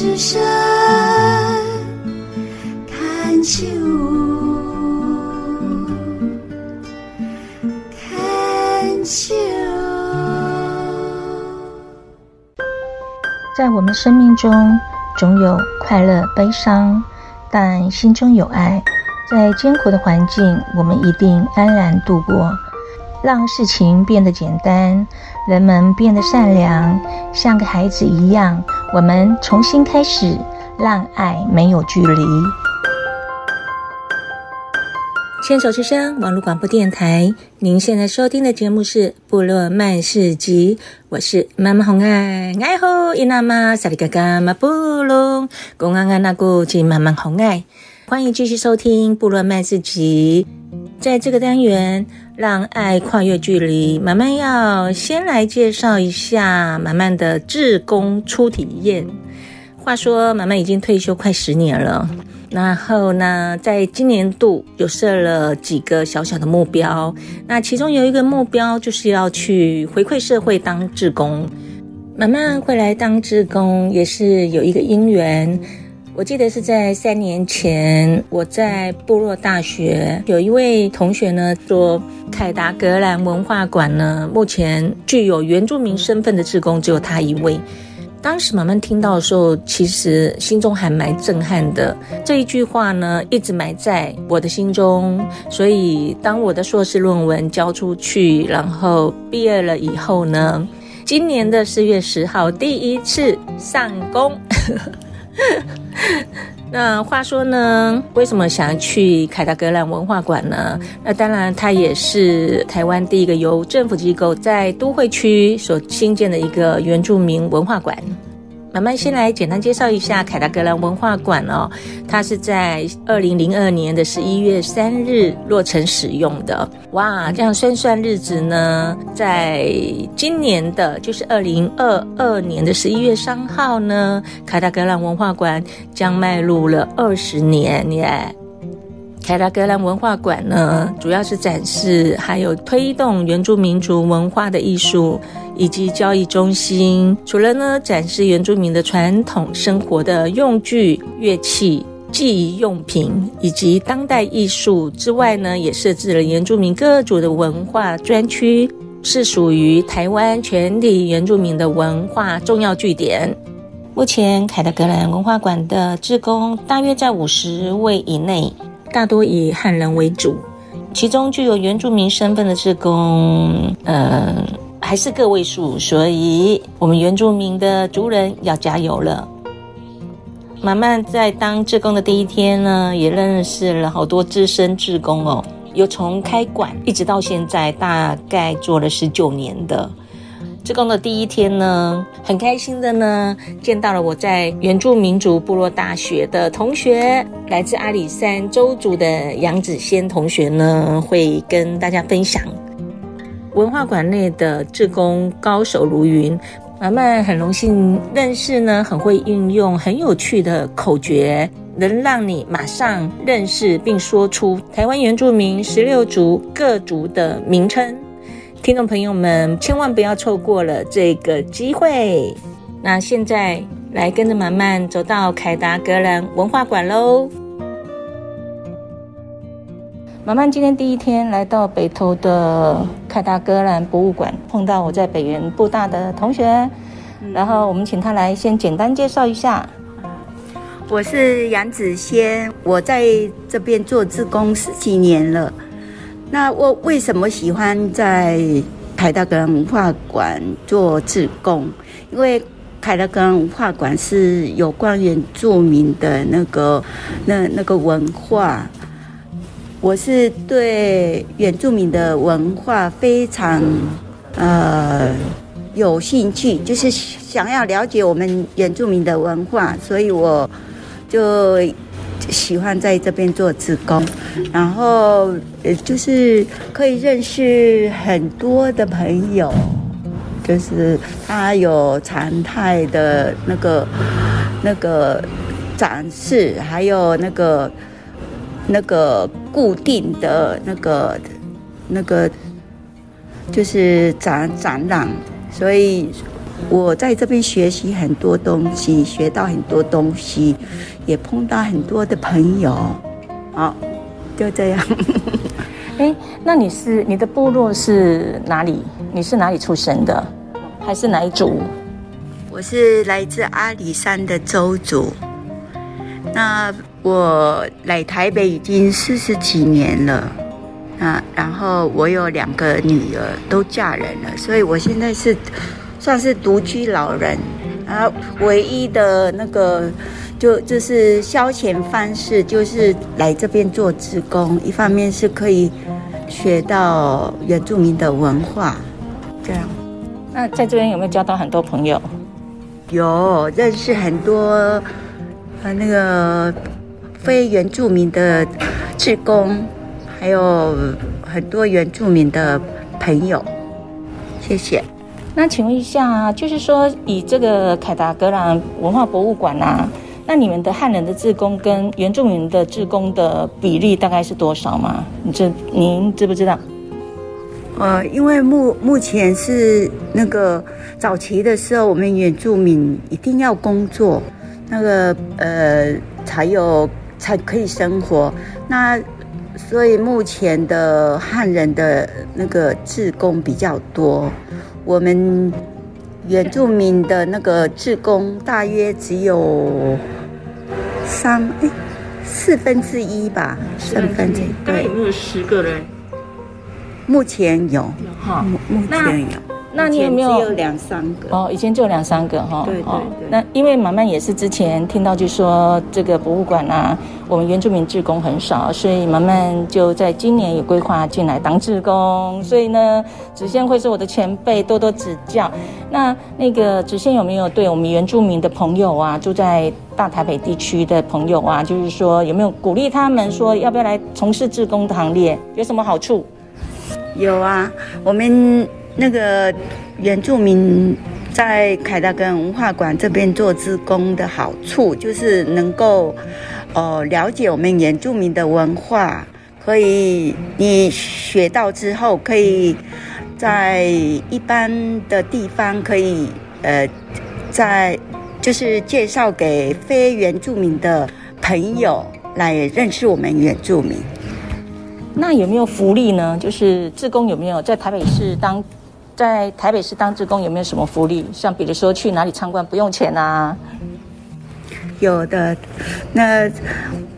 只身看秋，看秋。在我們生命中，總有快樂、悲傷，但心中有愛，在艱苦的環境，我們一定安然度過。讓事情變得簡單，人們變得善良，像個孩子一樣，我們重新開始，讓愛沒有距離。牽手之聲網絡廣播電台，您現在收聽的節目是《部落漫市集》，我是媽媽紅愛愛吼伊娜媽薩里嘎嘎馬布隆貢安阿那古吉媽媽紅愛，歡迎繼續收聽《部落漫市集》。在這個單元。讓愛跨越距離。馬漫要先來介紹一下馬漫的志工初體驗。話說馬漫已經退休快十年了，然後呢，在今年度，有設了幾個小小的目標。那其中有一個目標就是要去回饋社會當志工。馬漫會來當志工也是有一個因緣。我記得是在三年前，我在部落大學有一位同學呢，說凱達格蘭文化館呢，目前具有原住民身份的志工只有他一位。當時馬漫聽到的時候，其實心中還蠻震撼的。這一句話呢，一直埋在我的心中。所以當我的碩士論文交出去，然後畢業了以後呢，今年的四月十號第一次上工。 那話說呢，為什麼想去凱達格蘭文化館呢？那當然，它也是台灣第一個由政府機構在都會區所興建的一個原住民文化館。馬漫先來簡單介紹一下凱達格蘭文化館哦，它是在二零零二年的十一月三日落成使用的。哇，這樣算算日子呢，在今年的，就是二零二二年的十一月三號呢，凱達格蘭文化館將邁入了二十年耶。Yeah. 凱達格蘭文化館呢，主要是展示還有推動原住民族文化的藝術以及交易中心。除了呢展示原住民的傳統生活的用具、樂器、技藝用品以及當代藝術之外呢，也設置了原住民各族的文化專區，是屬於台灣全體原住民的文化重要據點。目前凱達格蘭文化館的志工大約在五十位以內。大多以漢人為主，其中具有原住民身份的志工，呃，還是個位數，所以我們原住民的族人要加油了。馬漫在當志工的第一天呢，也認識了好多資深志工哦，有從開館一直到現在大概做了十九年的。志工的第一天呢，很開心的呢，見到了我在原住民族部落大學的同學，來自阿里山鄒族的楊子仙同學呢，會跟大家分享文化館內的志工高手如雲，馬漫很榮幸認識呢，很會運用很有趣的口訣，能讓你馬上認識並說出台灣原住民十六族各族的名稱。聽眾朋友們，千萬不要錯過了這個機會。那現在來跟着馬漫走到凱達格蘭文化館嘍。馬漫今天第一天來到北投的凱達格蘭博物館，碰到我在北原部大的同學，然後我們請他來先簡單介紹一下。我是楊子仙，我在這邊做志工十幾年了。那我為什麼喜歡在凱達格蘭文化館做志工？因為凱達格蘭文化館是有關原住民的那個那那個文化，我是對原住民的文化非常呃有興趣，就是想要了解我們原住民的文化，所以我就。喜歡在這邊做志工，然後呃，就是可以認識很多的朋友，就是他有常態的那個、那個展示，還有那個、那個固定的那個、那個就是展展覽，所以。我在這邊學習很多東西，學到很多東西，也碰到很多的朋友，好，就這樣。哎、 欸，那你是你的部落是哪裡？你是哪裡出生的？還是哪一族？我是來自阿里山的鄒族。那我來台北已經四十幾年了，啊然後我有兩個女兒都嫁人了，所以我現在是。算是獨居老人啊，唯一的那個就就是消遣方式就是來這邊做志工，一方面是可以學到原住民的文化，這樣。那在這邊有沒有交到很多朋友？有，認識很多啊那個非原住民的志工，還有很多原住民的朋友。謝謝。那請問一下，就是說，以這個凱達格蘭文化博物館啊，那你們的漢人的志工跟原住民的志工的比例大概是多少嗎？你知您知不知道？呃，因為目目前是那個早期的時候，我們原住民一定要工作，那個呃才有才可以生活。那所以目前的漢人的那個志工比較多。我們原住民的那個志工大約只有三，誒，四分之一吧，四分之一。四分之一，對，有沒有十個人？目前有，有哈，目前有。那你有沒有兩三個？哦，以前只有兩三個哈。哦、對對對。哦、那因為馬漫也是之前聽到就說這個博物館啊，我們原住民志工很少，所以馬漫就在今年也規劃進來當志工。嗯、所以呢，子仙會是我的前輩，多多指教。嗯、那那個子仙有沒有對我們原住民的朋友啊，住在大台北地區的朋友啊，嗯、就是說有沒有鼓勵他們說要不要來從事志工的行列？有什麼好處？有啊，我們。那個原住民在凱達格蘭文化館這邊做志工的好處，就是能夠哦、呃、了解我們原住民的文化，可以你學到之後，可以在一般的地方可以呃在就是介紹給非原住民的朋友來認識我們原住民。那有沒有福利呢？就是志工有沒有在台北市當？在台北市當志工有沒有什麼福利？像比如說去哪裡參觀不用錢吶、啊？有的，那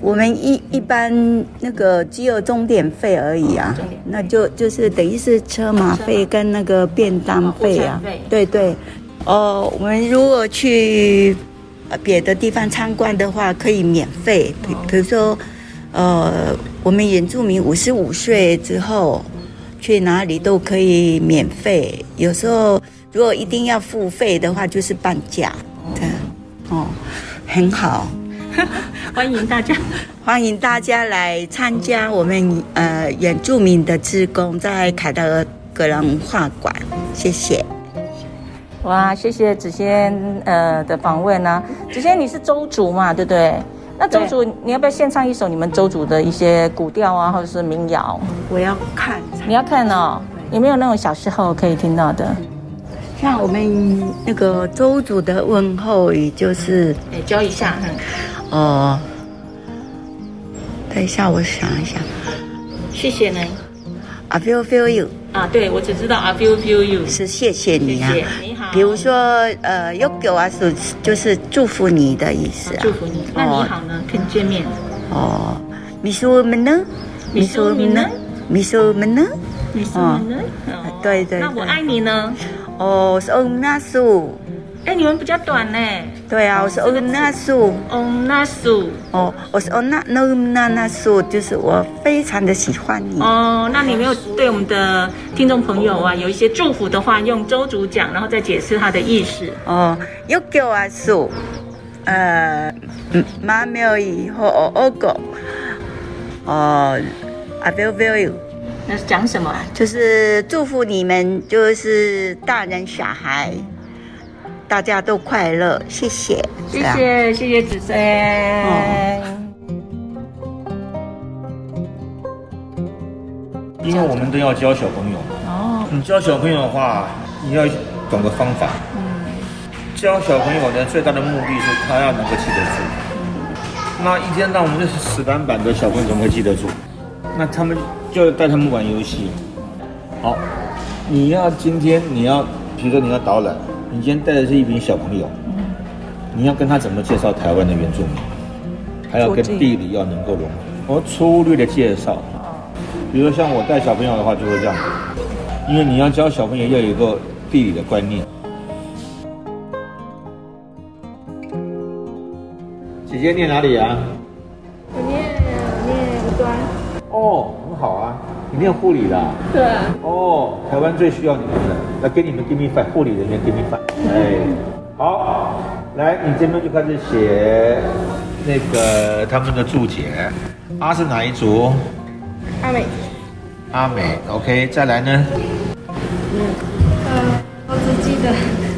我們一一般那個只有鐘點費而已啊，哦、那就就是等於是車馬費跟那個便當費啊，對、哦、對對。哦、呃，我們如果去別的地方參觀的話可以免費，比如說，呃，我們原住民五十五歲之後。去哪裡都可以免費，有時候如果一定要付費的話，就是半價，這樣，哦。哦，很好，呵呵歡迎大家，歡迎大家來參加我們呃原住民的志工在凱達格蘭文化館。謝謝，哇，謝謝子仙呃的訪問啊，子仙你是鄒族嘛，對不對？那鄒族對你要不要獻唱一首你們鄒族的一些古調啊，或者是民謠？我要看。你要看哦，有沒有那種小時候可以聽到的？像我們那個鄒族的問候語，就是教、欸、一下哈。哦、呃，等一下，我想一下。謝謝呢。I feel feel you。啊，對，我只知道 I feel feel you 是謝謝你啊。謝謝你，比如說，呃，yogu 啊是就是祝福你的意思、啊啊。祝福你。那你好呢？呃、可以見面。哦、呃。你說我們呢？你說你呢？你祕書們呢？祕書們呢？哦哦、對，對對。那我愛你呢？哦，我是 Onasu。哎、欸，你們比較短呢。對啊，我是 Onasu。Onasu、哦。是是哦，我是 Ona，Nona，Nasu，、哦、就是我非常的喜歡你。哦，那你沒有對我們的聽眾朋友啊，哦、有一些祝福的話，用族語講，然後再解釋他的意思。哦，Yokyoasu，呃，Mamioi 和 Ogo，哦。I will will will you，那是講什麼、啊？就是祝福你們，就是大人小孩，大家都快樂。謝謝，謝謝，啊、謝謝子仙。嗯、因為我們都要教小朋友。哦。你教小朋友的話，你要懂個方法。嗯、教小朋友的最大的目的是他要能夠記得住。嗯、那一天，到晚我們是死板板的小朋友，怎麼會記得住？嗯那他們就帶他們玩遊戲。好，你要今天你要，比如說你要導覽，你今天帶的是一群小朋友，嗯、你要跟他怎麼介紹台灣的原住民，還要跟地理要能夠融合。這個、我粗略的介紹，比如說像我帶小朋友的話，就會這樣。因為你要教小朋友要有一個地理的觀念。姐姐念哪裡呀、啊？哦，很好啊，你念護理的、啊，對、啊，哦，台灣最需要你們的。來給你們 give me five，護理人員 give me five，哎，嗯、哼好、哦，來，你這邊就開始寫那個他們的註解，阿、啊、是哪一族？阿美，阿美，OK，再來呢？嗯，呃，我只記得，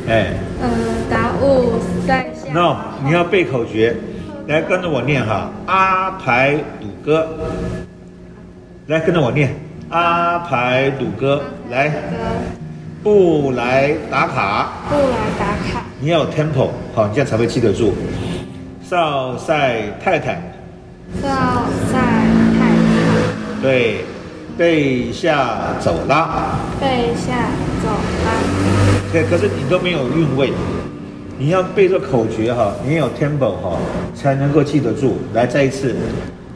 哎、欸，呃，答。五在，no，你要背口訣，嗯、來跟着我念哈，阿排五哥。來，跟着我念，阿排魯哥來，不來打卡，不來打卡，你要有 tempo 好、哦，你這樣才會記得住。少塞太太，少賽太太，對，背下走啦，背下走啦，對，可可是你都沒有韻味，你要背着口訣哈，你要有 tempo 哈、哦，才能夠記得住。來，再一次。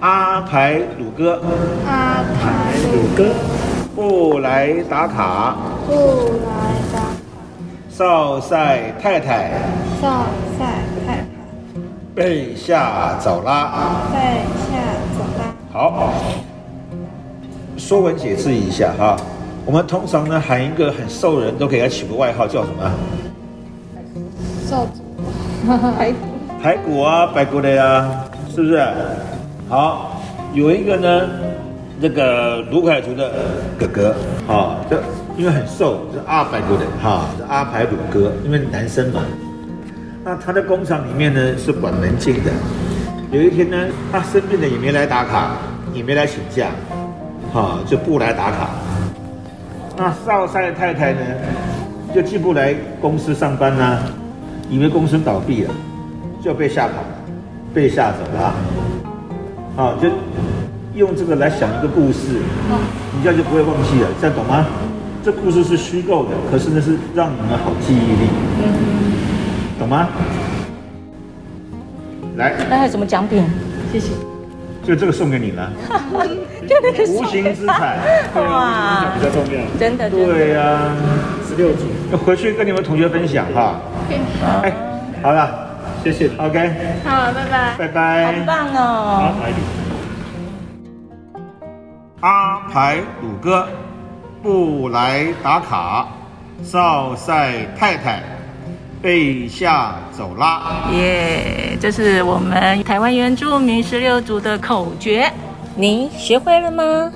阿排魯哥，阿排魯哥，不來打卡，不來打卡，少賽太太，少賽太太，背下，、啊、下走啦，背好下走啦，好、哦，說文解字一下、哎、哈，我們通常呢喊一個很瘦人都給他起個外號叫什麼？少。哈哈排骨，排骨啊，排骨的呀、啊，是不是、啊？好，有一個呢，那、這個魯凱族的哥哥，哈、哦，這因為很瘦，是二百多的人，哈、哦，是阿排魯哥，因為男生嘛。那他的工廠裡面呢是管門禁的。有一天呢，他生病了也沒來打卡，也沒來請假，好、哦、就不來打卡。那少帥太太呢就進不來公司上班啦、啊，以為公司倒閉了，就被嚇跑了，被嚇走了。啊、哦，就用這個來想一個故事，你這樣就不會忘記了，這樣懂嗎？這故事是虛構的，可是那是讓你們好記憶力，嗯、懂嗎？來，那還有什麼獎品？謝謝，就這個送給你了，哈哈，就那無形之財， 對哦、哇，比較重要，真的，對啊，十六族，那集回去跟你們同學分享對哈，分享 Okay.、哎，好了。謝謝。OK。好，拜拜。拜拜。好棒哦。阿排魯哥不來打卡，少賽太太被嚇走啦。耶，yeah, 這是我們台灣原住民十六族的口訣，您學會了嗎？